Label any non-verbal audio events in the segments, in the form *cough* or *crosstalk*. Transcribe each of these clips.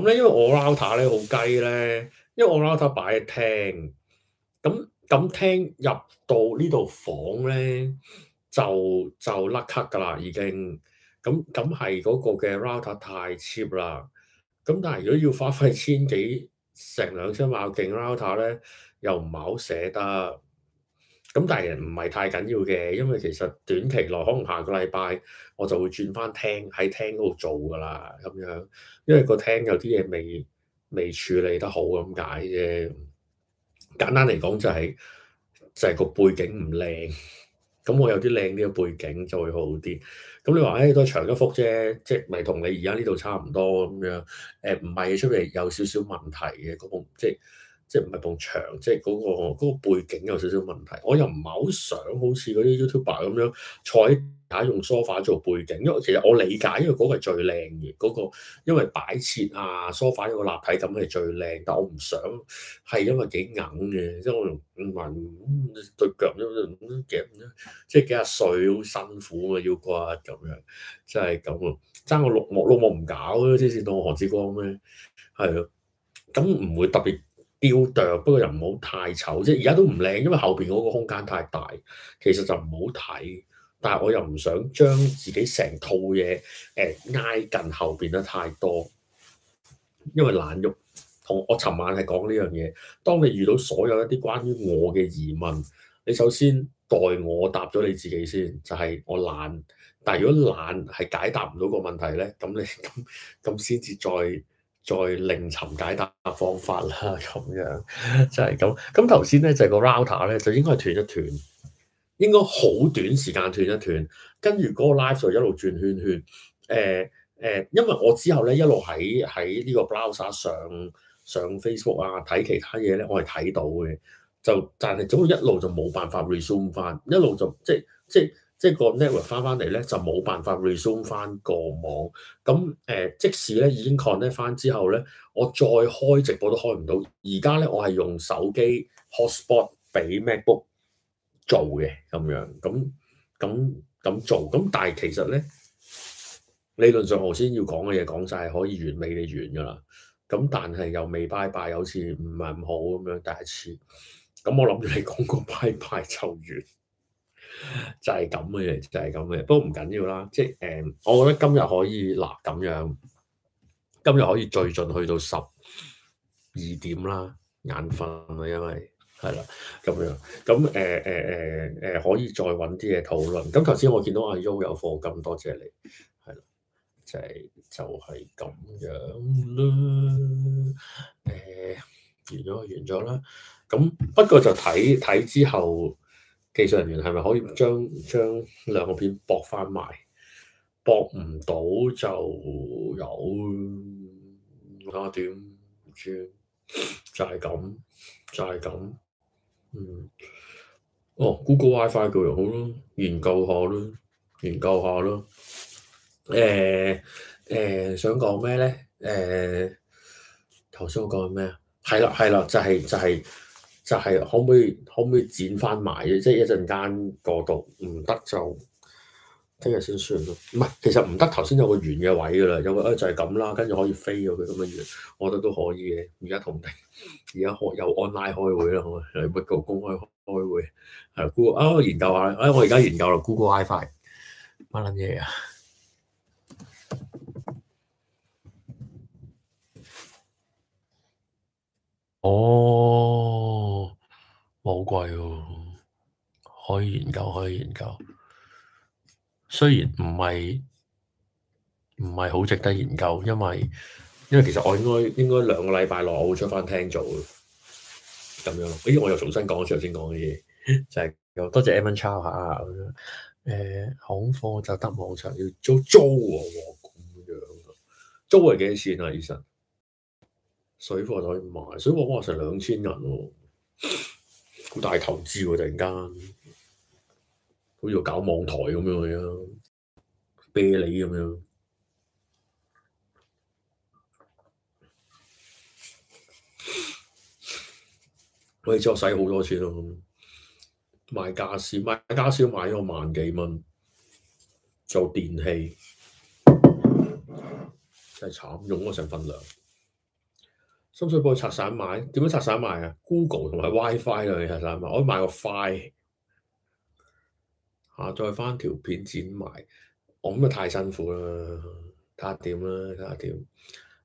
咁咧，因為我 router 咧好雞咧，因為我 router 擺喺廳，咁咁廳入到呢度房咧就就甩咳㗎喇，已經咁咁係嗰個嘅 router 太 cheap 啦。咁但係如果要花費千幾成兩千萬勁 router 咧，又唔係好捨得。咁但係唔係太緊要嘅，因為其實短期內可能下個禮拜我就會轉翻廳喺廳嗰度做㗎啦，咁樣，因為個廳有啲嘢未未處理得好咁解啫。簡單嚟講就係、是、就係、是、個背景唔靚，咁我有啲靚呢個背景就會好啲。咁你話誒、哎、都係長一幅啫，即係咪同你而家呢度差唔多咁樣？誒唔係出嚟有少少問題嘅嗰、那個即係。即係唔係埲牆，即係嗰、嗰個嗰個背景有少少問題。我又唔係好想好似嗰啲 YouTuber 咁樣坐喺地用梳化做背景，因為其實我理解，因為嗰個係最靚嘅嗰個，因為擺設啊梳化有 a 個立體感係最靚。但我唔想係因為幾硬嘅，即係我用對、嗯、腳都夾、嗯、即係幾廿歲好辛苦啊腰骨咁樣，真係咁啊！爭個綠幕綠幕唔搞咧，即先當何志光咩？係啊，咁唔會特別。雕琢，不過又唔好太醜，即係而家都唔靚，因為後邊嗰個空間太大，其實就唔好睇。但係我又唔想將自己成套嘢誒挨近後邊得太多，因為懶郁。同我尋晚係講呢樣嘢，當你遇到所有一啲關於我嘅疑問，你首先代我答咗你自己先，就係、是、我懶。但係如果懶係解答唔到個問題咧，咁你咁咁先至再。再另尋解答方法啦，咁樣就係、係、咁。咁頭先咧就係、個 router 咧就應該係斷一斷，應該好短時間斷一斷，跟住嗰個 live 就一路轉圈圈。誒、呃、誒、呃，因為我之後咧一路喺喺呢個 browser 上上 Facebook 啊睇其他嘢咧，我係睇到嘅，就但係總之一路就冇辦法 resume 翻，一路就即即。即即即係個 network 翻翻嚟咧，就冇辦法 resume 翻個網。咁誒、呃，即使咧已經 connect 翻之後咧，我再開直播都開唔到。而家咧我係用手機 hotspot 俾 MacBook 做嘅咁樣。咁咁咁做。咁但係其實咧理論上頭先要講嘅嘢講晒，係可以完美地完㗎啦。咁但係又未拜拜，好似唔係唔好咁樣，第一次。咁我諗住你講個拜拜就完。就係咁嘅嘢，就係咁嘅。不過唔緊要啦，即係誒、呃，我覺得今日可以嗱咁樣，今日可以最盡去到十二點啦，眼瞓啊，因為係啦咁樣。咁誒誒誒誒，可以再搵啲嘢討論。咁頭先我見到阿 U 有貨咁，多謝、謝你。係啦，就係、是、就係、是、咁樣啦。誒、呃，完咗完咗啦。咁、嗯、不過就睇睇之後。技術人員係咪可以將將兩個片駁翻埋？駁唔到就有點唔、啊、知，就係、是、咁，就係、是、咁。嗯，哦，Google WiFi 叫嚟好咯，研究下咯，研究下咯。誒誒，想講咩咧？誒，頭先我講咩啊？係啦，係啦，就係、是、就係、是。就係可唔可以 *noise* 可唔可以剪翻埋咧？即係一陣間過度，唔得就聽日先算咯。唔係，其實唔得，頭先有個圓嘅位噶啦，有個誒就係咁啦，跟住可以飛咗佢咁樣樣，我覺得都可以嘅。而家同定，而家學又 online 開會啦，嚟乜嘢公開開會？係 Google 啊，研究下啊，我而家研究啦，Google WiFi 乜撚嘢啊？哦，好貴喎！可以研究，可以研究。雖然唔係唔係好值得研究，因為因為其實我應該應該兩個禮拜內我會出翻廳做嘅。咁樣，咦？我又重新講一次頭先講嘅嘢，就係、是、又多謝 Evan 抄下咁樣。誒，行貨就得網上要租租喎，咁樣租係幾錢啊？醫生？水貨台賣水貨，我成兩千人，好大投資喎！突然間，好似搞網台咁樣嘅，啤你咁樣。我哋之後我使好多錢咯，賣家私，賣家私買咗萬幾蚊，做電器真係慘，用咗成份糧。深水埗拆散買，點樣拆散買啊？Google 同埋 WiFi 兩樣拆散買，我買個快下載翻條片剪埋，我咁咪太辛苦啦！睇下點啦，睇下點。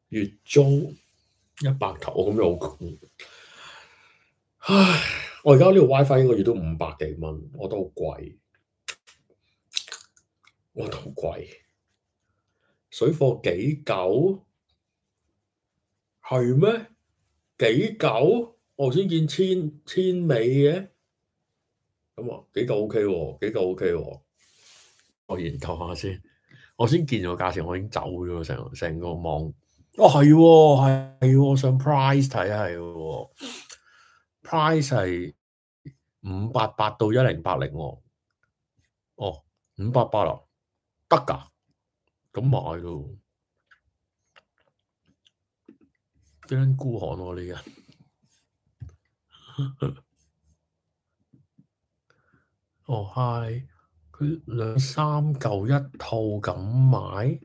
月租一百頭，我咁又唉，我而家呢個 WiFi 一個月都五百幾蚊，我都好貴，我都好貴。水貨幾嚿？係咩？幾嚿？我先見千千美嘅，咁啊，幾嚿 OK 喎、哦，幾嚿 OK 喎、哦。我研究下先，我先見咗價錢，我已經走咗成成個網。哦，係、哦，係、哦，我、哦、上 pr、哦、price 睇係，price 係五八八到一零八零。哦，五八八啦，得噶，咁買咯。真孤寒喎，你人。哦，Hi，佢兩三嚿一套咁買，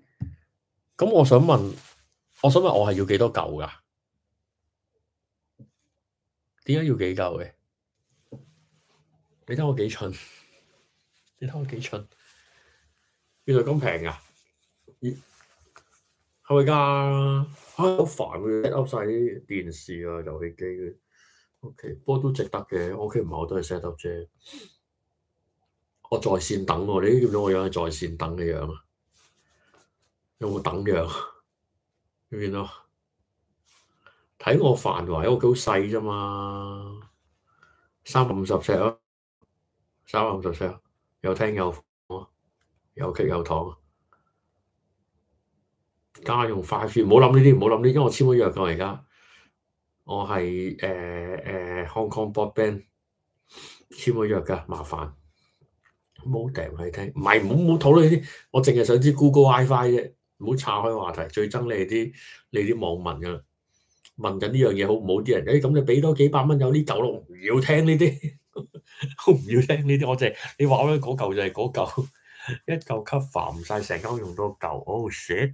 咁我想問，我想問，我係要幾多嚿噶？點解要幾嚿嘅？你睇我幾蠢？你睇我幾蠢？原來咁平噶？係咪噶？好、啊、煩啊！set up 曬啲電視啊、遊戲機嘅。O、OK, K，不過都值得嘅。屋企唔係我都係 set up 啫。我在線等喎，啊，你見唔見我樣係在線等嘅樣啊？有冇等樣？你見到？睇我煩喎。屋企好細啫嘛。三百五十尺啊！三百五十尺，有廳有房，有劇有堂。家用快閃，唔好諗呢啲，唔好諗呢啲，因為我簽咗約㗎。而家我係誒誒 Hong Kong Broadband 簽咗約㗎，麻煩。唔好訂係聽，唔係唔好唔好討論呢啲。我淨係想知 Google WiFi 啫，唔好岔開話題，最憎你哋啲你啲網民㗎啦。問緊呢樣嘢好唔好？啲人咦咁、哎、你俾多幾百蚊有呢嚿咯，唔要聽呢啲，好 *laughs* 唔要聽呢啲。我凈係你話啦，嗰嚿就係嗰嚿，一嚿 cover 唔晒，成間用多嚿。哦 shit！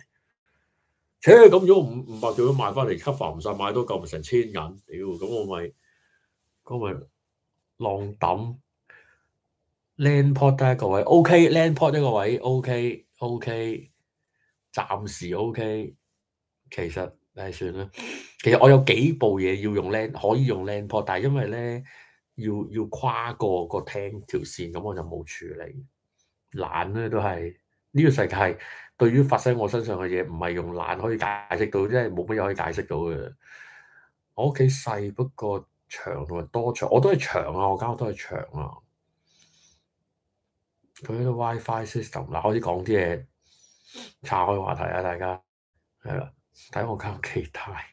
切咁、欸、樣，五五百兆都賣翻嚟 cover 唔晒，買都夠唔成千銀？屌，咁我咪，咁咪浪抌串 land plot、啊 OK, 一個位，OK land p o d 一個位，OK OK，暫時 OK。其實唉算啦，其實我有幾部嘢要用 land，可以用 land p o d 但係因為咧要要跨過個廳條線，咁我就冇處理，懶咧、啊、都係呢、這個世界。對於發生我身上嘅嘢，唔係用懶可以解釋到，即係冇乜嘢可以解釋到嘅。我屋企細不過長同埋多長，我都係長啊！我間屋都係長啊！佢啲 WiFi system 嗱、啊，開始講啲嘢，岔開話題啊，大家係啦，睇我間屋幾大，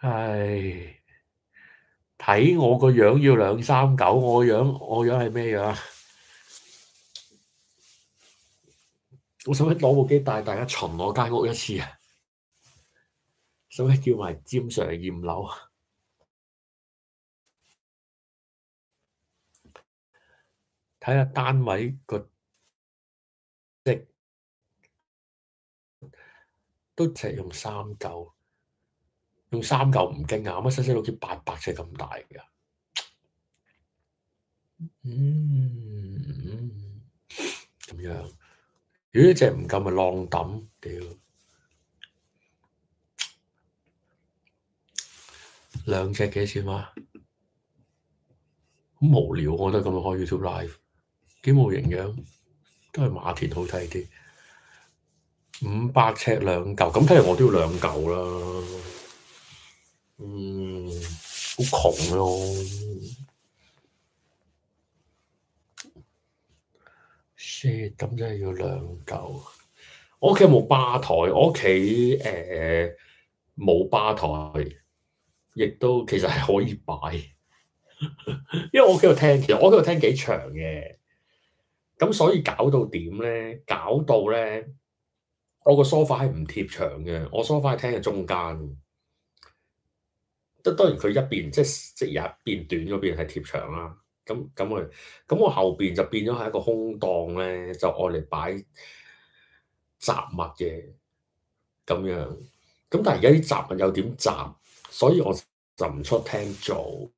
唉，睇我個樣要兩三九，我個樣，我個樣係咩樣啊？我使唔使攞部機帶大家巡我間屋一次啊？使唔使叫埋占 Sir 驗樓？睇下單位個啲都淨係用三嚿，用三嚿唔驚啊！我乜細細路好似八百尺咁大噶，嗯，咁、嗯嗯、樣。如果一隻唔夠咪浪抌，屌！兩隻幾錢話？好無聊，我都咁開 YouTube Live，幾冇營養，都係馬田好睇啲。五百尺兩嚿，咁睇嚟我都要兩嚿啦。嗯，好窮咯、啊、～咁真係要兩嚿。我屋企有冇吧台？我屋企誒，冇吧台，亦都其實係可以擺， *laughs* 因為我屋企度廳，其實我屋企個廳幾長嘅。咁所以搞到點咧？搞到咧，我個 sofa 係唔貼牆嘅。我 sofa 喺廳嘅中間，即當然佢一邊，即即入邊短嗰邊係貼牆啦。咁咁佢，咁我後邊就變咗係一個空檔咧，就愛嚟擺雜物嘅咁樣。咁但係而家啲雜物有點雜，所以我就唔出廳做。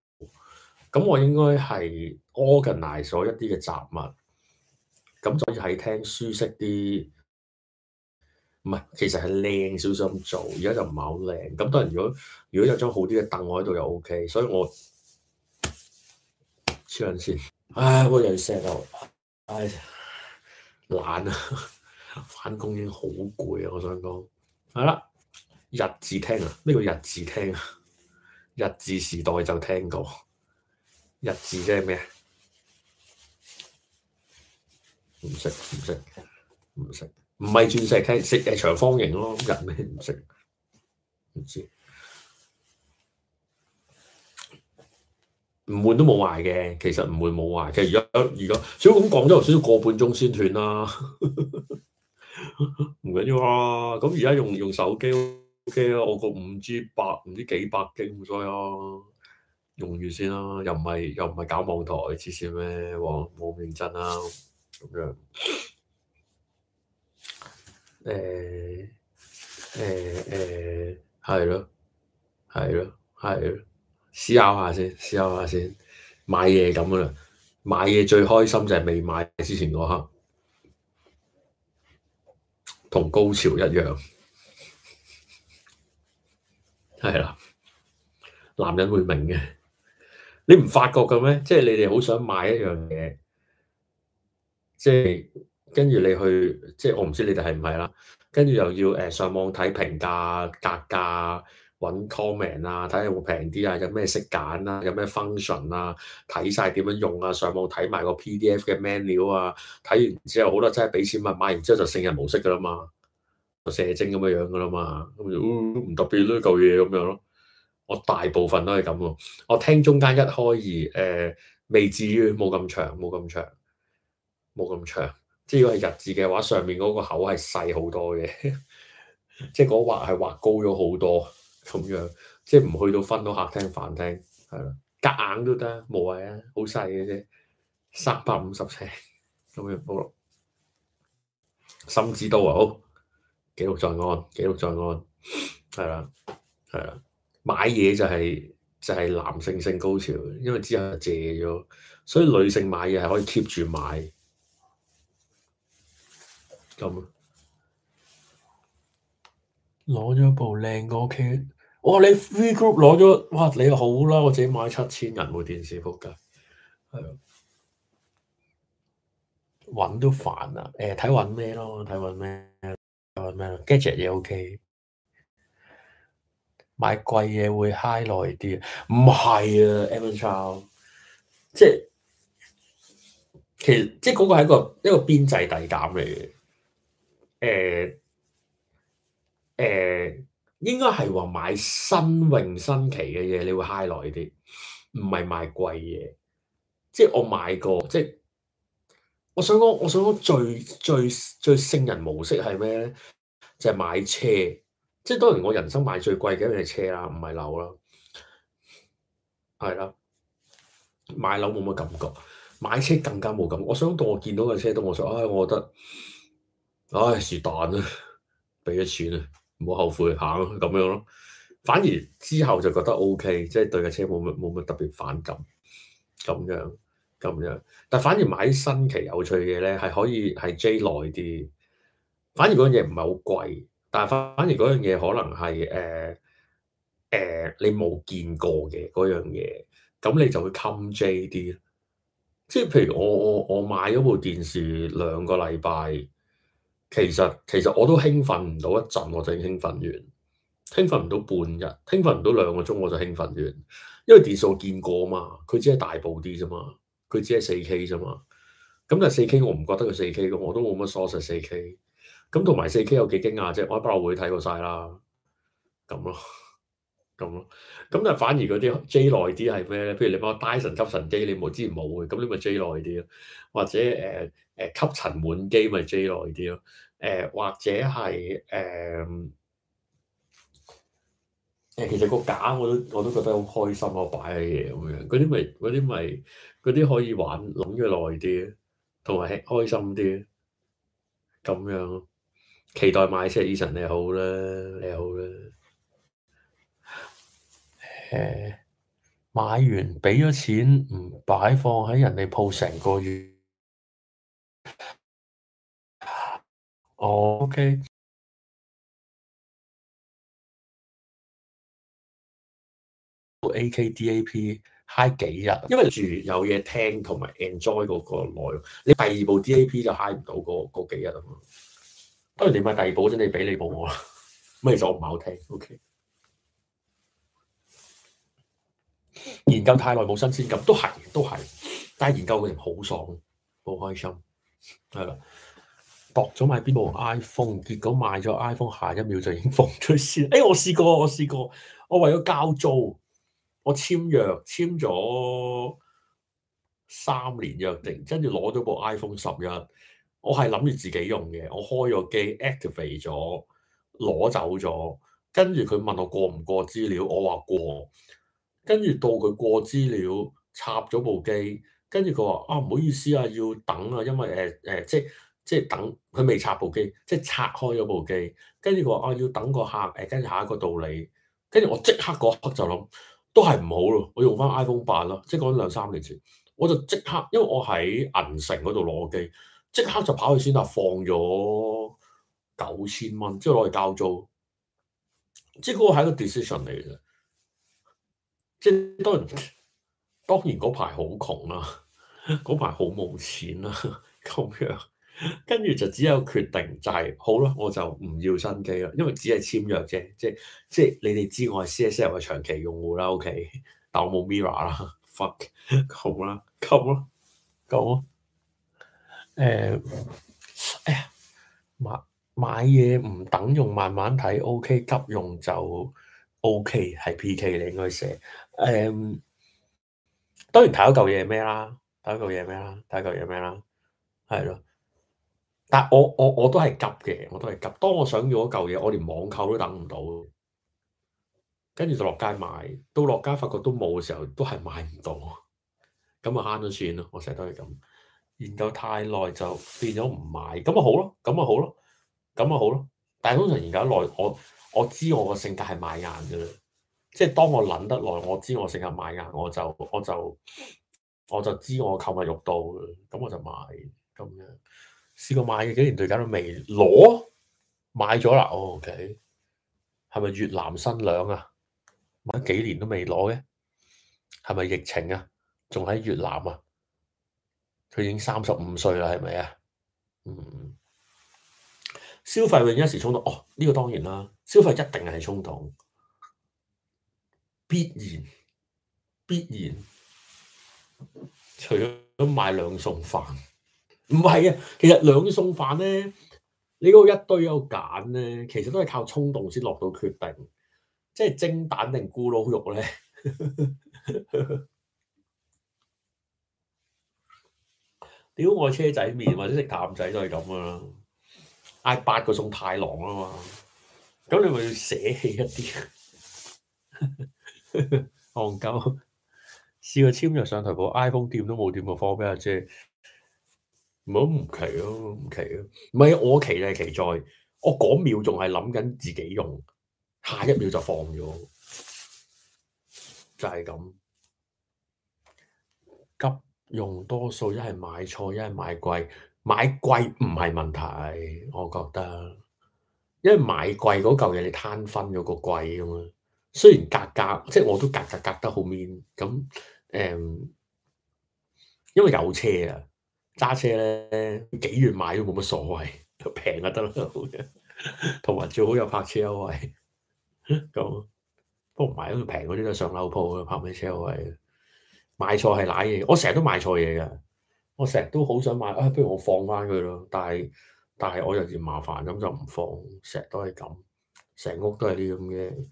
咁我應該係 organize 咗一啲嘅雜物，咁所以喺廳舒適啲。唔係，其實係靚少少咁做。而家就唔係好靚。咁當然，如果如果有張好啲嘅凳我喺度又 OK。所以我。黐唉，又要我又成日又唉懶啊，返工已經好攰啊，我想講係啦，日字聽啊，呢個日字聽啊？日字時代就聽過，日字即係咩啊？唔識唔識唔識，唔係鑽石雞，食係長方形咯，日咩唔識唔知。唔換都冇壞嘅，其實唔換冇壞嘅。而家而家，少咁講咗頭先個半鐘先斷啦，唔緊要啊。咁而家用用手機 OK 啦，啊，我個五 G 百唔知幾百 G 咁多啊，用住先啦，啊。又唔係又唔係搞網台黐綫咩？網冇，啊、認真啦，啊，咁樣。誒誒誒，係咯係咯係咯。欸思考下先，思考下先。買嘢咁啦，買嘢最開心就係未買之前嗰刻，同高潮一樣。係啦，男人會明嘅。你唔發覺嘅咩？即係你哋好想買一樣嘢，即係跟住你去，即係我唔知你哋係唔係啦。跟住又要誒上網睇評價、格價。揾 comment 啊，睇下有冇平啲啊，有咩色揀啊，有咩 function 啊，睇晒點樣用啊，上網睇埋個 PDF 嘅 menu 啊，睇完之後好多真係俾錢買，啊，買完之後就聖人模式噶啦嘛，就射精咁樣樣噶啦嘛，咁、嗯、唔特別咯，嚿嘢咁樣咯，啊。我大部分都係咁喎，我聽中間一開二，誒、呃、未至於冇咁長，冇咁長，冇咁長。即係如果係日字嘅話，上面嗰個口係細好多嘅， *laughs* 即係嗰畫係畫高咗好多。咁樣即係唔去到分到客廳飯廳，係咯，隔硬都得，冇謂啊，好細嘅啫，三百五十尺咁樣，好咯。心知都好，記錄在案，記錄在案，係啦，係啦。買嘢就係就係男性性高潮，因為之後就借咗，所以女性買嘢係可以 keep 住買咁。攞咗部靚歌機。K 我你 free group 攞咗，哇！你就好啦，我自己買七千人部電視幅㗎，係啊的，揾都煩啊！誒、呃，睇揾咩咯，睇揾咩，揾咩啦？Gadget 嘢 OK，買貴嘢會 high 耐啲，唔係啊，Evan Chow，即係其實即係嗰個係一個一個邊際遞減嚟嘅。誒、呃、誒。呃應該係話買新穎新奇嘅嘢，你會 high 耐啲，唔係買貴嘢。即係我買過，即係我想講，我想講最最最聖人模式係咩咧？就係、是、買車。即係當然我人生買最貴嘅一樣係車啦，唔係樓啦，係啦。買樓冇乜感覺，買車更加冇感覺。我想到我見到嘅車都想，我話唉，我覺得唉是但啊，俾、哎、咗錢啊！唔好後悔下咯，咁樣咯。反而之後就覺得 OK，即係對架車冇乜冇乜特別反感，咁樣咁樣。但反而買新奇有趣嘅咧，係可以係 J 耐啲。反而嗰樣嘢唔係好貴，但係反而嗰樣嘢可能係誒誒你冇見過嘅嗰樣嘢，咁你就會襟 J 啲。即係譬如我我我買咗部電視兩個禮拜。其實其實我都興奮唔到一陣，我就已經興奮完。興奮唔到半日，興奮唔到兩個鐘，我就興奮完。因為電視我見過嘛，佢只係大部啲啫嘛，佢只係四 K 啫嘛。咁但係四 K 我唔覺得佢四 K 咁，我都冇乜 source 係四 K。咁同埋四 K 有幾驚訝啫？我喺博覽會睇過晒啦，咁咯。咁咯，咁但反而嗰啲 j 耐啲係咩咧？D，譬如你買個 Dyson 吸塵機，你冇之前冇嘅，咁你咪 j 耐啲咯。或者誒誒吸塵滿機咪 j 耐啲咯。誒或者係誒誒其實個架我都我都覺得好開心，我擺嘅嘢咁樣，嗰啲咪嗰啲咪嗰啲可以玩諗嘅耐啲同埋開心啲咧。咁樣期待買車 eason 你好啦，你好啦。誒，uh, 買完俾咗錢唔擺放喺人哋鋪成個月，哦，OK，A K D A P high 幾日，因為住有嘢聽同埋 enjoy 嗰個內容，你第二部 D A P 就 high 唔到嗰、那、嗰、個、幾日啊嘛，當然你買第二部真係俾你部我啦，咩事唔係好聽，OK。研究太耐冇新鮮感，都係，都係。但係研究個人好爽，好開心，係啦。度咗買邊部 iPhone，結果買咗 iPhone，下一秒就已經放咗先。誒、哎，我試過，我試過，我為咗交租，我簽約簽咗三年約定，跟住攞咗部 iPhone 十一，我係諗住自己用嘅，我開咗機 activate 咗，攞走咗，跟住佢問我過唔過資料，我話過。跟住到佢過資料插咗部機，跟住佢話啊，唔好意思啊，要等啊，因為誒誒、呃呃、即即等佢未插部機，即拆開咗部機，跟住佢話啊，要等個客誒，跟、呃、住下一個道理，跟住我即刻嗰刻就諗都係唔好咯，我用翻 iPhone 八咯，即講兩三年前，我就即刻，因為我喺銀城嗰度攞個機，即刻就跑去先啦，放咗九千蚊，即攞去交租，即嗰個係一個 decision 嚟嘅。即係當然，當然嗰排好窮啦，嗰排好冇錢啦、啊，咁樣，跟住就只有決定就係、是，好啦，我就唔要新機啦，因為只係簽約啫，即係即係你哋知我係 C S L 嘅長期用戶啦，O K，但我冇 Mirror 啦，fuck，夠啦，夠啦， *laughs* 夠啦，誒，哎呀，買買嘢唔等用，慢慢睇，O K，急用就 O K，係 P K 你應該寫。誒，um, 當然睇嗰嚿嘢咩啦，睇嗰嚿嘢咩啦，睇嗰嚿嘢咩啦，係咯。但係我我我都係急嘅，我都係急，都急。當我想要嗰嚿嘢，我連網購都等唔到，跟住就落街買。到落街發覺都冇嘅時候，都係買唔到。咁咪慳都算咯。我成日都係咁，研究太耐就變咗唔買。咁咪好咯，咁咪好咯，咁咪好咯。但係通常研究得耐，我我知我個性格係買硬嘅。即係當我諗得耐，我知我適合買㗎，我就我就我就知我購物慾到，咁我就買咁樣。試過買嘅幾年對，對，搞都未攞買咗啦。O K，係咪越南新娘啊？買咗幾年都未攞嘅，係咪疫情啊？仲喺越南啊？佢已經三十五歲啦，係咪啊？嗯，消費永遠一時衝動。哦，呢、這個當然啦，消費一定係衝動。必然，必然，除咗買兩餸飯，唔係啊，其實兩餸飯咧，你嗰個一堆有揀咧，其實都係靠衝動先落到決定，即係蒸蛋定咕嚕肉咧。屌 *laughs* 我車仔麵或者食擔仔都係咁噶啦，嗌八個餸太郎啊嘛，咁你咪要捨棄一啲。 *laughs* 戇鳩，試 *laughs* 過簽約上台鋪，iPhone 掂都冇掂過貨俾阿姐，唔好唔奇咯，唔奇咯，唔係我奇就係奇在，我嗰秒仲係諗緊自己用，下一秒就放咗，就係、是、咁。急用多數一係買錯，一係買貴，買貴唔係問題，我覺得，因為買貴嗰嚿嘢你攤分咗個貴啊嘛。雖然格格，即係我都格格格得好 mean。咁、嗯、誒，因為有車啊，揸車咧幾遠買都冇乜所謂，平就得啦。同 *laughs* 埋最好有泊車優惠。 *laughs* 不過唔係都唔買都平嗰啲就上樓鋪嘅泊咩車優惠？買錯係瀨嘢，我成日都買錯嘢㗎。我成日都好想買，啊、哎、不如我放翻佢咯。但係但係我又嫌麻煩，咁就唔放。成日都係咁，成屋都係啲咁嘅。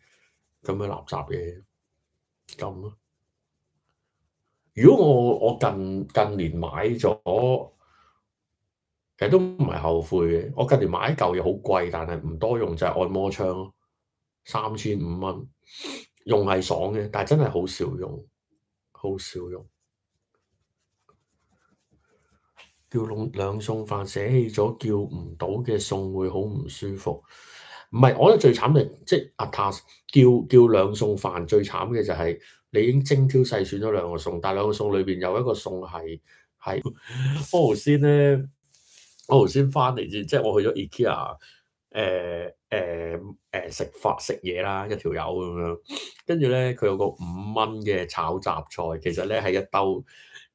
咁樣垃圾嘅咁咯。如果我我近近年買咗，其實都唔係後悔嘅。我近年買嚿嘢好貴，但係唔多用就係、是、按摩槍咯，三千五蚊，用係爽嘅，但係真係好少用，好少用。叫兩兩餸飯寫，寫起咗叫唔到嘅餸會好唔舒服。唔係，我覺得最慘嘅，即係阿塔叫叫兩餸飯，最慘嘅就係你已經精挑細選咗兩個餸，但係兩個餸裏邊有一個餸係係我頭先咧，我頭先翻嚟先，即係我去咗 IKEA 誒、呃、誒誒、呃呃、食飯食嘢啦，一條友咁樣，跟住咧佢有個五蚊嘅炒雜菜，其實咧係一兜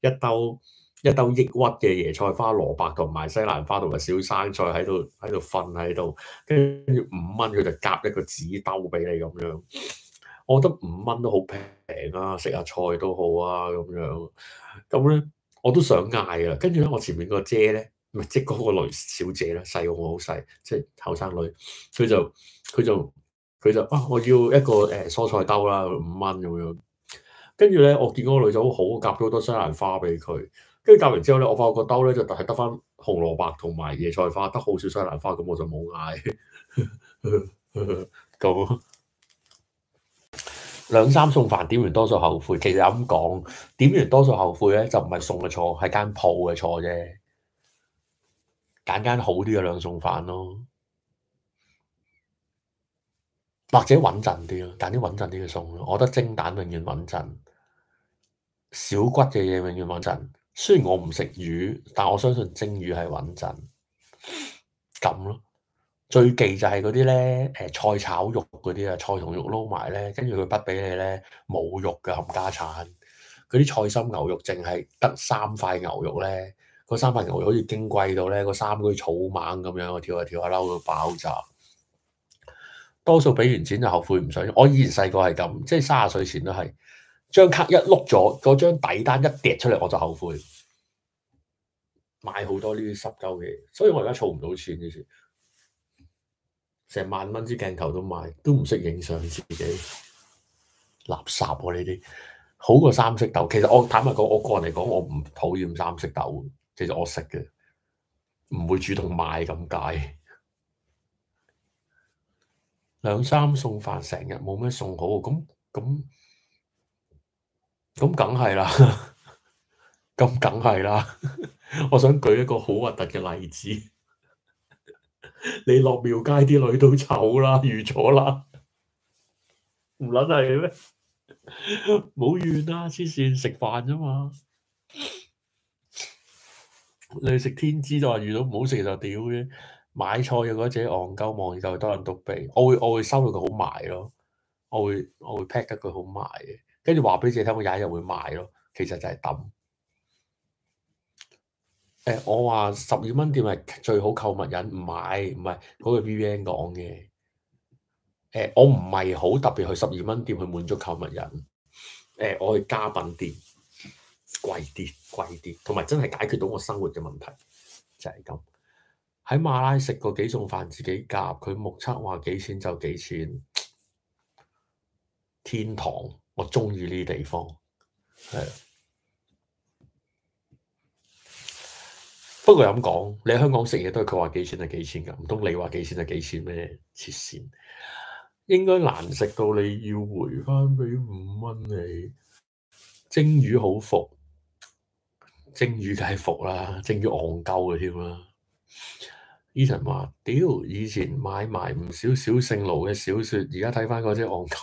一兜。一兜抑鬱嘅椰菜花、蘿蔔同埋西蘭花同埋小生菜喺度喺度瞓喺度，跟住五蚊佢就夾一個紙兜俾你咁樣，我覺得五蚊都好平啊，食下菜都好啊咁樣。咁咧我都想嗌啊，跟住咧我前面個姐咧，咪即係嗰個女小姐啦，細過我好細，即係後生女，佢就佢就佢就啊，我要一個誒、呃、蔬菜兜啦，五蚊咁樣。跟住咧我見嗰個女仔好好夾咗好多西蘭花俾佢。跟住夾完之後咧，我發覺個兜咧就係得翻紅蘿蔔同埋椰菜花，得好少西蘭花，咁我就冇嗌咁。兩三餸飯，點完多數後悔。其實咁講，點完多數後悔咧，就唔係餸嘅錯，係間鋪嘅錯啫。揀間好啲嘅兩餸飯咯，或者穩陣啲咯，揀啲穩陣啲嘅餸咯。我覺得蒸蛋永遠穩陣，小骨嘅嘢永遠穩陣。雖然我唔食魚，但我相信蒸魚係穩陣咁咯。最忌就係嗰啲咧，誒菜炒肉嗰啲啊，菜同肉撈埋咧，跟住佢不俾你咧冇肉嘅冚家產。嗰啲菜心牛肉淨係得三塊牛肉咧，嗰三塊牛肉好似矜貴到咧，個三堆草蜢咁樣，跳下跳下嬲到爆炸。多數俾完錢就後悔唔想，我以前細個係咁，即係三十歲前都係，張卡一碌咗，嗰張底單一跌出嚟我就後悔。買好多呢啲濕鳩嘅，所以我而家儲唔到錢，成萬蚊支鏡頭都買，都唔識影相自己，垃圾喎呢啲，好過三色豆。其實我坦白講，我個人嚟講，我唔討厭三色豆，其實我食嘅，唔會主動買咁解。兩三餸飯，成日冇咩餸好，咁咁咁梗係啦。咁梗係啦！我想舉一個好核突嘅例子，你落廟街啲女都醜啦，預咗啦，唔撚係咩？冇怨啦，黐線食飯啫嘛。你食天知就話遇到唔好食就屌嘅，買菜嘅嗰隻戇鳩望，就多人督鼻。我會我會收佢好埋咯，我會我會 pack 得佢好埋嘅，跟住話俾自己聽，我有一日會賣咯，其實就係抌。誒，我話十二蚊店係最好購物慾，唔係唔係嗰個 VBN 講嘅。誒，我唔係好特別去十二蚊店去滿足購物慾。誒，我去家品店，貴啲貴啲，同埋真係解決到我生活嘅問題就係咁。喺馬拉食過幾種飯，自己夾佢目測話幾錢就幾錢。天堂，我鍾意呢啲地方，係啊。不過咁講，你喺香港食嘢都係佢話幾錢就幾錢噶，唔通你話幾錢就幾錢咩？黐線，應該難食到你要回翻俾五蚊你。蒸魚好服，蒸魚梗係服啦，蒸魚戇鳩嘅添啦。Ethan 話：屌，以前買埋唔少小聖奴嘅小說，而家睇翻嗰隻戇鳩。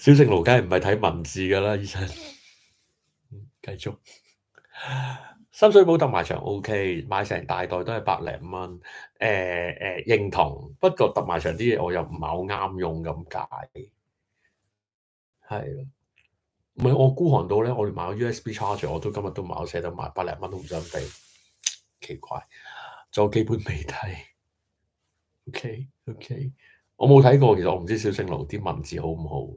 *laughs* 小聖奴梗係唔係睇文字噶啦，Ethan。繼續， *laughs* 深水埗特賣場 O K，買成大袋都係百零蚊。誒、呃、誒、呃、認同，不過特賣場啲嘢我又唔係好啱用，咁解係咯。唔係 *laughs* 我孤寒到咧，我連買個 U S B charger 我都今日都唔係好捨得買，百零蚊都唔想俾，奇怪。仲有幾本未睇。O K O K，我冇睇過，其實我唔知小星龍啲文字好唔好。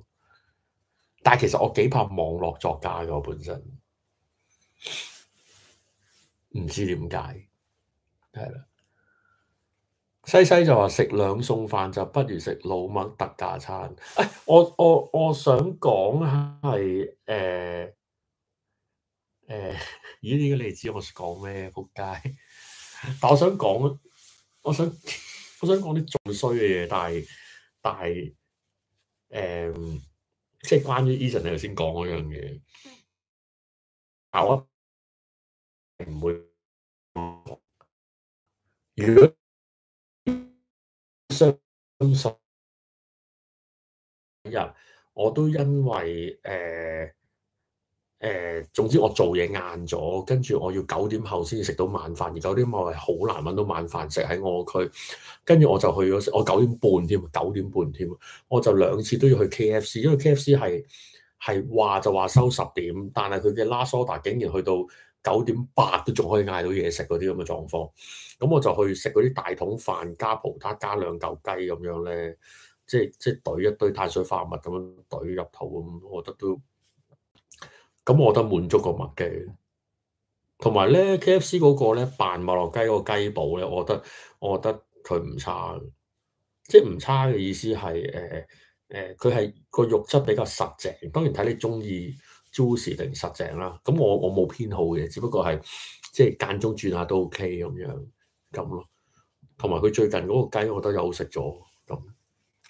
但係其實我幾怕網絡作家嘅，我本身。唔知點解，係啦。西西就話食兩餸飯就不如食老麥特價餐。誒、哎，我我我想講下係誒誒，咦，你知我講咩？撲街！但我想講，我想我想講啲仲衰嘅嘢。但係但係誒、呃，即係關於 Eason 你頭先講嗰樣嘢。我唔會。如果相信人，我都因為誒誒、呃呃，總之我做嘢晏咗，跟住我要九點後先食到晚飯，而九點後係好難揾到晚飯食喺我區。跟住我就去咗，我九點半添，九點半添，我就兩次都要去 KFC，因為 KFC 係。係話就話收十點，但係佢嘅拉蘇達竟然去到九點八都仲可以嗌到嘢食嗰啲咁嘅狀況，咁我就去食嗰啲大桶飯加葡撻加兩嚿雞咁樣咧，即係即係堆一堆碳水化合物咁樣堆入肚咁，我覺得都，咁我覺得滿足物個麥雞。同埋咧，K F C 嗰個咧扮麥樂雞嗰個雞堡咧，我覺得我覺得佢唔差，即係唔差嘅意思係誒。呃誒，佢係個肉質比較實淨，當然睇你中意 juice 定實淨啦。咁我我冇偏好嘅，只不過係即係間中轉下都 OK 咁樣咁咯。同埋佢最近嗰個雞，我覺得又好食咗咁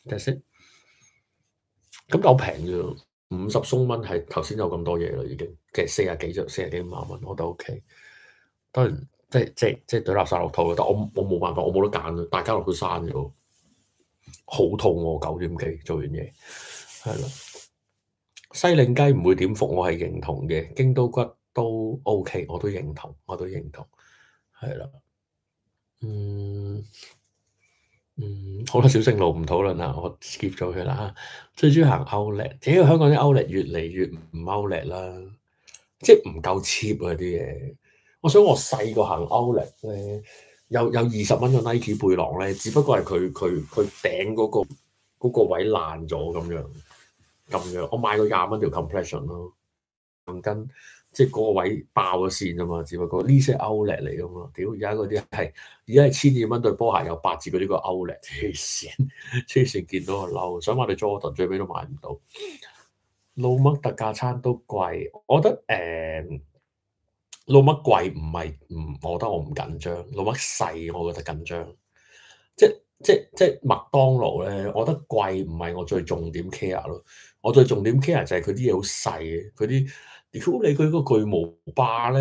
特色。咁夠平啫，五十鬆蚊係頭先有咁多嘢啦，已經其實四廿幾就四廿幾萬蚊，我覺得 OK。當然即係即係即係懟垃圾落肚，但我我冇辦法，我冇得揀，大家落去生咗。.好肚餓，我九點幾做完嘢，係咯，西檸雞唔會點服，我係認同嘅。京都骨都 OK，我都認同，我都認同，係啦。嗯嗯，好啦，小聖路唔討論啦，我 skip 咗佢啦嚇。最中意行歐力，點解香港啲歐力越嚟越唔歐力啦？即係唔夠 cheap 呀啲嘢。我想我細個行歐力咧。有有二十蚊嘅 Nike 背囊咧，只不過係佢佢佢頂嗰個、嗰個位爛咗咁樣咁樣。我買過廿蚊條 Compression 咯，跟即係嗰個位爆咗線啊嘛。只不過呢些 Outlet 嚟噶嘛，屌而家嗰啲係而家係千二蚊對波鞋，有八字嗰啲個 Outlet。黐線黐線，見到我嬲，想買對 Jordan 最尾都買唔到。老麥特價餐都貴，我覺得誒。Uh, 老麥貴唔係唔，我覺得我唔緊張。老麥細，我覺得緊張。即即即麥當勞咧，我覺得貴唔係我最重點 care 咯。我最重點 care 就係佢啲嘢好細嘅，佢啲屌你佢個巨無霸咧，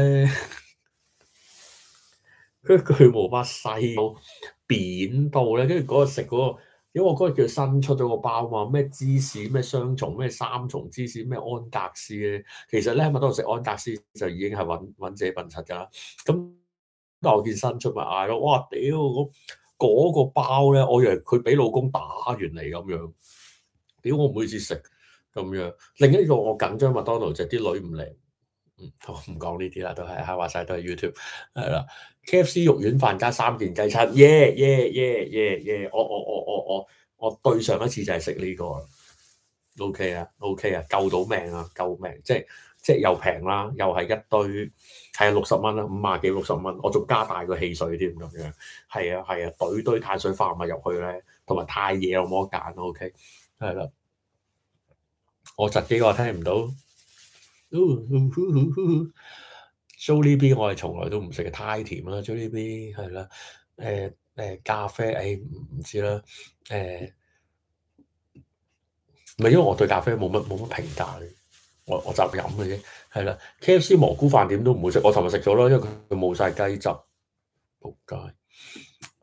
佢 *laughs* 巨無霸細到扁到咧，跟住嗰個食嗰個。因為我嗰日叫新出咗個包嘛，咩芝士咩雙重咩三重芝士咩安格斯咧，其實咧，喺麥當勞食安格斯就已經係揾自己笨柒㗎啦。咁但係我見新出咪嗌咯，哇屌！嗰、嗰個包咧，我以為佢俾老公打完嚟咁樣。屌我每次食咁樣，另一個我緊張麥當勞就啲女唔靚。唔講呢啲啦，都係吓，話晒都係 YouTube 係啦。KFC 肉丸飯加三件雞餐耶耶耶耶，耶我我我我我我對上一次就係食呢個，OK 啊 OK 啊，救到命啊，救命！即係即係又平啦，又係一堆，係啊六十蚊啦，五啊幾六十蚊，我仲加大個汽水添咁樣，係啊係啊，堆堆碳水化合物入去咧，同埋太嘢，有冇得揀？OK，係啦，我十幾個聽唔到。哦，朱呢邊我係從來都唔食嘅，太甜啦。朱呢邊係啦，誒誒，咖啡誒唔、哎、知啦，誒，唔係因為我對咖啡冇乜冇乜評價嘅，我我就飲嘅啫。係啦，KFC 蘑菇飯點都唔會食，我尋日食咗啦，因為佢冇晒雞汁，仆街。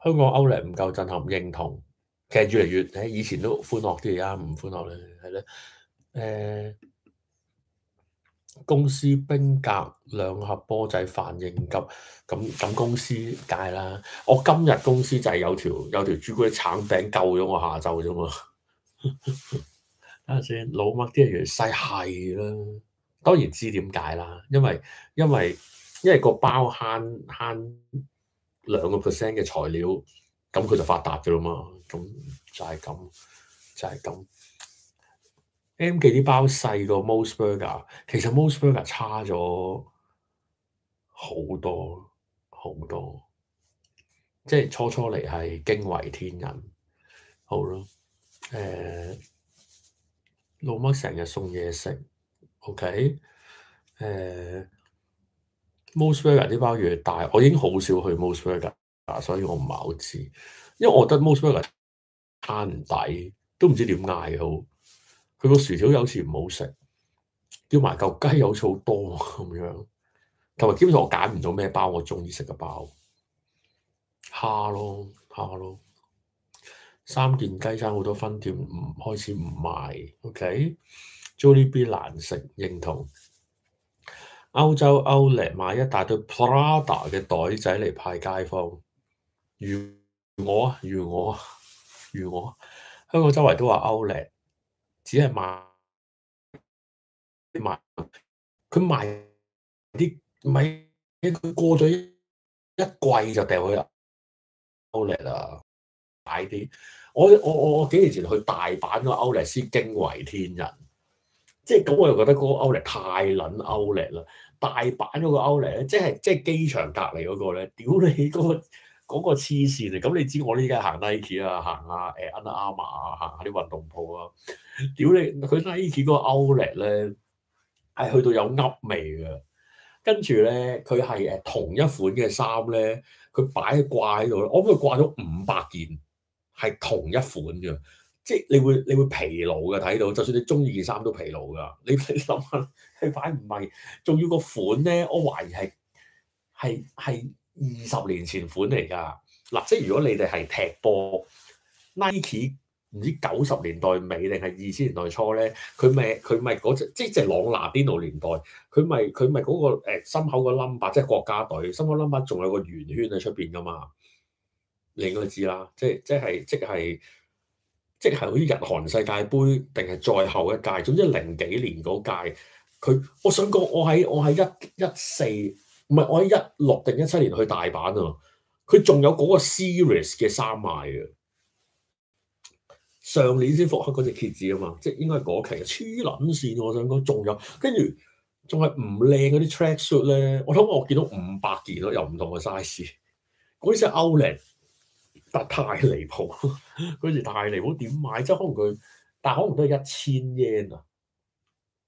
香港歐力唔夠震撼，認同其實越嚟越誒，以前都歡樂啲，而家唔歡樂咧，係咧，誒。公司冰格兩盒波仔反應急，咁咁公司解啦。我今日公司就係有條有條朱古力橙餅救咗我下晝啫嘛。 *laughs* 等下等先，老麥啲越西係啦、啊。當然知點解啦，因為因為因為個包慳慳兩個 percent 嘅材料，咁佢就發達咗嘛。咁就係咁，就係、係、咁。就係 M 記啲包細過 Moseburger，其實 Moseburger 差咗好多好多，即係初初嚟係驚為天人，好咯，誒、呃，老麥成日送嘢食，OK，誒、呃、，Moseburger 啲包越大，我已經好少去 Moseburger 啦，所以我唔係好知，因為我覺得 Moseburger 唔抵，都唔知點嗌好。佢個薯條有時唔好食，丟埋嚿雞有好多咁樣，同埋基本上我揀唔到咩包我中意食嘅包，蝦咯蝦咯，三件雞餐好多分店唔開始唔賣，OK，Jollibee、okay? 難食認同，歐洲 Outlet 買一大堆 Prada 嘅袋仔嚟派街坊，如我如我如我，香港周圍都話 Outlet。只係賣賣，佢賣啲咪？佢過咗一,一季就掉去歐力啦，買啲。我我我，我幾年前去大阪嗰個歐力先驚為天人，即係咁我又覺得嗰個歐力太撚歐力啦！大阪嗰個歐力咧，即係即係機場隔籬嗰個咧，屌你個！嗰個黐線啊！咁你知我呢？依家行 Nike 啊，行下誒 Under Armour 啊，行下啲、啊、運動鋪啊！屌你、啊，佢 Nike 嗰個 Outlet 咧，係去到有噏味嘅。跟住咧，佢係誒同一款嘅衫咧，佢擺掛喺度咯。我估佢掛咗五百件，係同一款嘅。即係你會你會疲勞嘅睇到，就算你中意件衫都疲勞㗎。你你諗下，佢反而唔係，仲要個款咧，我懷疑係係係。二十年前款嚟噶。嗱、啊，即係如果你哋係踢波，Nike 唔知九十年代尾定係二千年代初咧，佢咪佢咪嗰隻，即係朗拿甸奴年代，佢咪佢咪嗰個誒心口個冧巴，即係國家隊心口冧巴，仲有個圓圈喺出邊噶嘛，你應該知啦，即係即係即係即係好似日韓世界盃定係再後一屆，總之零幾年嗰屆，佢我想講，我喺我喺一一四。唔係我一六定一七年去大阪啊，佢仲有嗰個 serious 嘅衫賣啊。上年先復刻嗰隻鉸子啊嘛，即係應該係嗰期。黐撚線，我想講仲有，跟住仲係唔靚嗰啲 track suit 咧。我諗我見到五百件咯，又唔同嘅 size。嗰次歐領但太離譜，嗰 *laughs* 時太離譜點買啫？可能佢，但係可能都係一千 yen 啊。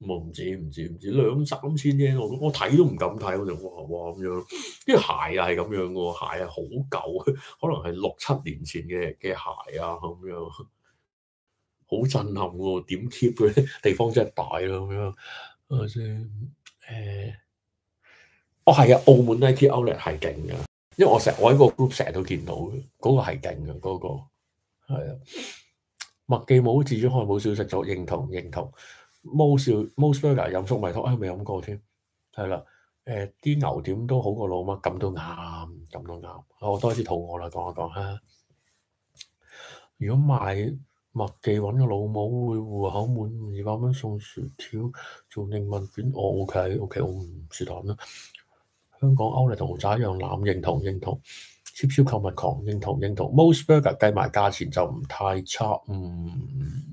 我唔知唔知唔知兩三千啫。我睇都唔敢睇，我哋哇哇咁樣。啲鞋啊係咁樣嘅喎，鞋係好舊，可能係六七年前嘅嘅鞋啊咁樣，好震撼喎。點 keep 嗰地方真係大咯咁樣。啊先誒，哦係啊，澳門 Nike outlet 係勁嘅，因為我成我喺個 group 成日都見到嗰、嗰個係勁嘅嗰個係啊。麥記冇自尊，開冇小食咗，認同認同。most most burger 飲粟米湯，哎未飲過添，係啦，誒、呃、啲牛點都好過老麥，咁都啱，咁都啱，我、哦、多啲肚餓啦，講一講嚇。如果賣麥記揾個老母，會戶口滿二百蚊送薯條，做定問卷，我 OK，OK，我唔薯糖。啦、okay, okay，嗯。香港歐咧同豪宅一樣，濫認同認同，超超購物狂認同認同，most burger 計埋價錢就唔太差，嗯。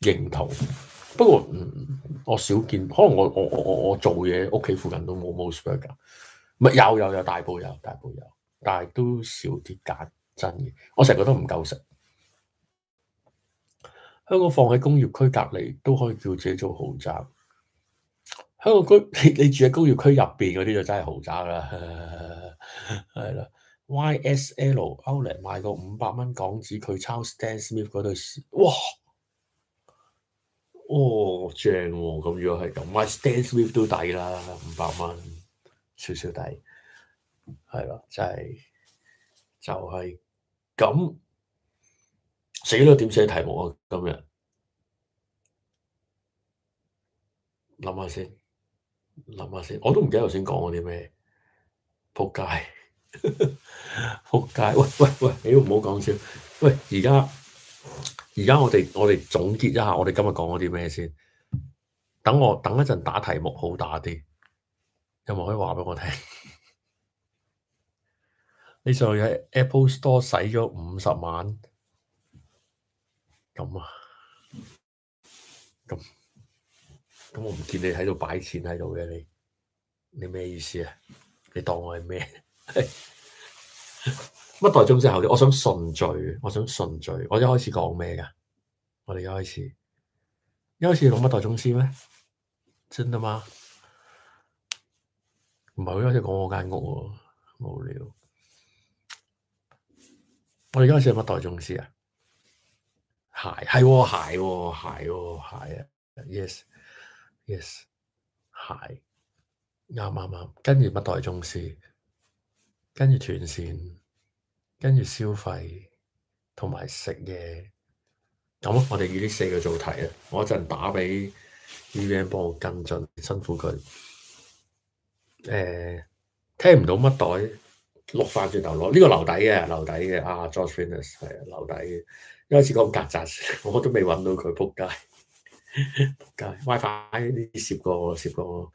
認同，不過唔，嗯，我少見，可能我我我我我做嘢，屋企附近都冇冇 Moss Burger，係有有有大埔，有大埔有，但係都少啲揀真嘅，我成日覺得唔夠食。香港放喺工業區隔籬，都可以叫自己做豪宅。香港區，你，你住喺工業區入邊嗰啲就真係豪宅啦，係，啊，啦。YSL Outlet 買個五百蚊港紙，佢抄 Stan Smith 嗰對，哇！哦正喎，咁如果係咁，My Stand Swift 都抵啦，五百蚊少少抵，係咯，就係就係咁死啦！點寫題目啊？今日諗下先，諗下先，我都唔記得頭先講嗰啲咩撲街，撲街喂喂喂，你唔好講笑，喂而家。而家我哋我哋總結一下，我哋今日講咗啲咩先？等我等一陣打題目好打啲，有冇可以話俾我聽？ *laughs* 你上去喺 Apple Store 使咗五十萬，咁啊？咁咁我唔見你喺度擺錢喺度嘅，你你咩意思啊？你當我係咩？ *laughs* 乜代宗師後裔？我想順序，我想順序。我一開始講咩噶？我哋一開始一開始講乜代宗師咩？真的嗎？唔係，我一開始講我間屋喎，無聊。我哋一開始係乜代宗師啊？鞋係喎，鞋喎，鞋喎，鞋啊！Yes，Yes，鞋。啱啱啱，跟住乜代宗師，跟住斷線。跟住消費同埋食嘢，咁、啊、我哋以呢四個做題啊！我一陣打俾 Evan 幫我跟進，辛苦佢。誒、欸，聽唔到乜袋碌返轉頭攞呢個留底嘅留底嘅啊 Joseph Fiennes 係留底嘅。一開始講曱甴，我都未揾到佢，撲街撲街 WiFi 呢？啲涉過涉過，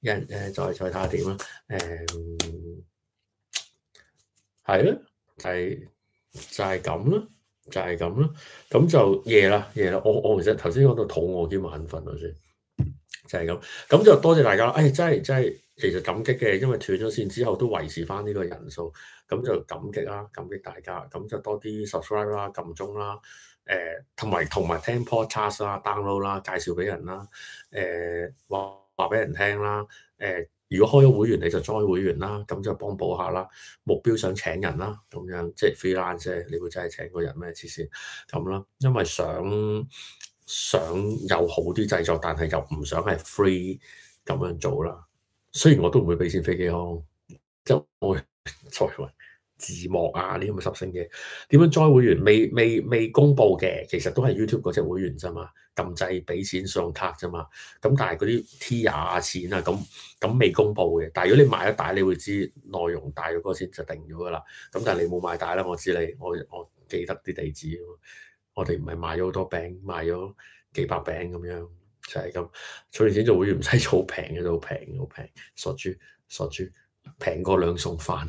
一陣誒再再睇下點啦。誒、欸，係啦。就係就係咁啦，就係咁啦，咁、就是、就夜啦，夜啦。我我其實頭先講到肚餓兼眼瞓，頭先就係、是、咁，咁就多謝大家。誒、哎，真係真係，其實感激嘅，因為斷咗線之後都維持翻呢個人數，咁就感激啦，感激大家。咁就多啲 subscribe 啦，撳鐘啦，誒、呃，同埋同埋聽 podcast 啦，download 啦，介紹俾人啦，誒、呃，話話俾人聽啦，誒、呃。如果開咗會員你就再 o i 會員啦，咁就幫補下啦。目標想請人啦，咁樣即係 freelance，你會真係請個人咩黐線咁啦？因為想想有好啲製作，但係又唔想係 free 咁樣做啦。雖然我都唔會俾線飛機空，即、哦、係我錯 *laughs* 字幕啊，呢啲咁嘅濕星嘅。點樣 join 會員？未未未公布嘅，其實都係 YouTube 嗰隻會員咋嘛，撳掣俾錢上卡咋嘛，咁但係嗰啲 Tier 啊錢啊咁咁未公布嘅，但係如果你買咗大，你會知內容大咗嗰錢就定咗噶啦，咁但係你冇買大啦，我知你，我我記得啲地址，我哋唔係賣咗好多餅，賣咗幾百餅咁樣就係咁，儲完錢做會員唔使儲，平嘅都好平好平，傻豬傻豬，平過兩餸飯。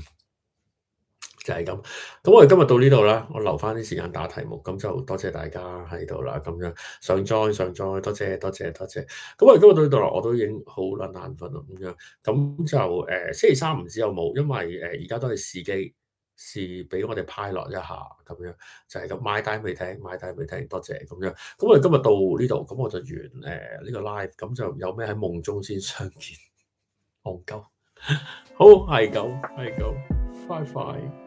就係咁，咁我哋今日到呢度啦。我留翻啲時間打題目，咁就多謝大家喺度啦。咁樣上載上載，多謝多謝多謝。咁我哋今日到呢度，我都已經好撚眼瞓咯。咁樣咁就誒、呃，星期三唔知有冇，因為誒而家都係試機試，俾我哋派落一下咁樣就係、是、咁。買帶未聽買帶未聽，多謝咁樣。咁我哋今日到呢度，咁我就完誒呢、呃呢個 live。咁就有咩喺夢中先相見，憨、哦、鳩 *laughs* 好係咁係咁 f i, go, I go. Bye bye.